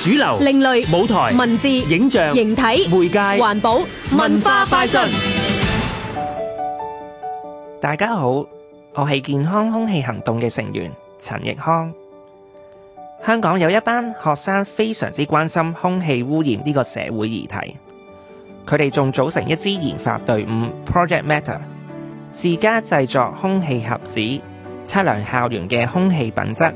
主流、另類舞台、文字、影像、形體、媒介、環保、文化快訊。大家好，我係健康空氣行動嘅成員陳奕康。香港有一班學生非常之關心空氣污染呢個社會議題，佢哋仲組成一支研發隊伍 Project Matter，自家製作空氣盒子，測量校園嘅空氣品質。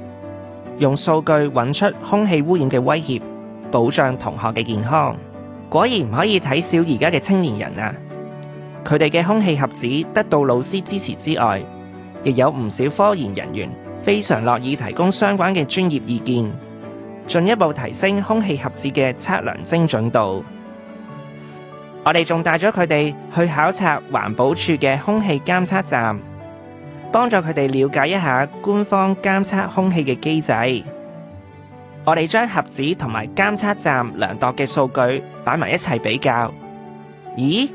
用數據揾出空氣污染嘅威脅，保障同學嘅健康。果然唔可以睇小而家嘅青年人啊！佢哋嘅空氣盒子得到老師支持之外，亦有唔少科研人員非常樂意提供相關嘅專業意見，進一步提升空氣盒子嘅測量精準度。我哋仲帶咗佢哋去考察環保處嘅空氣監測站。幫助佢哋了解一下官方監測空氣嘅機制，我哋將盒子同埋監測站量度嘅數據擺埋一齊比較。咦，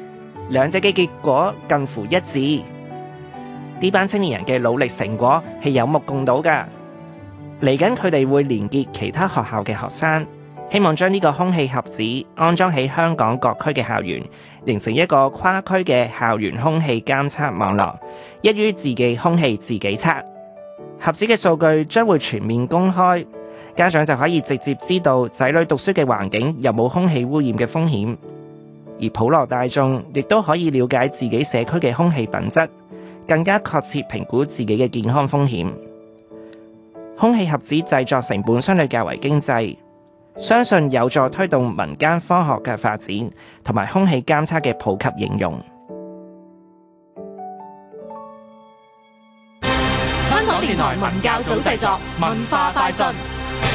兩者嘅結果近乎一致，呢班青年人嘅努力成果係有目共睹噶。嚟緊佢哋會連結其他學校嘅學生。希望將呢個空氣盒子安裝喺香港各區嘅校園，形成一個跨區嘅校園空氣監測網絡，一於自己空氣自己測。盒子嘅數據將會全面公開，家長就可以直接知道仔女讀書嘅環境有冇空氣污染嘅風險，而普羅大眾亦都可以了解自己社區嘅空氣品質，更加確切評估自己嘅健康風險。空氣盒子製作成本相對較為經濟。相信有助推動民間科學嘅發展，同埋空氣監測嘅普及應用。香港電台文教組製作，文化快訊。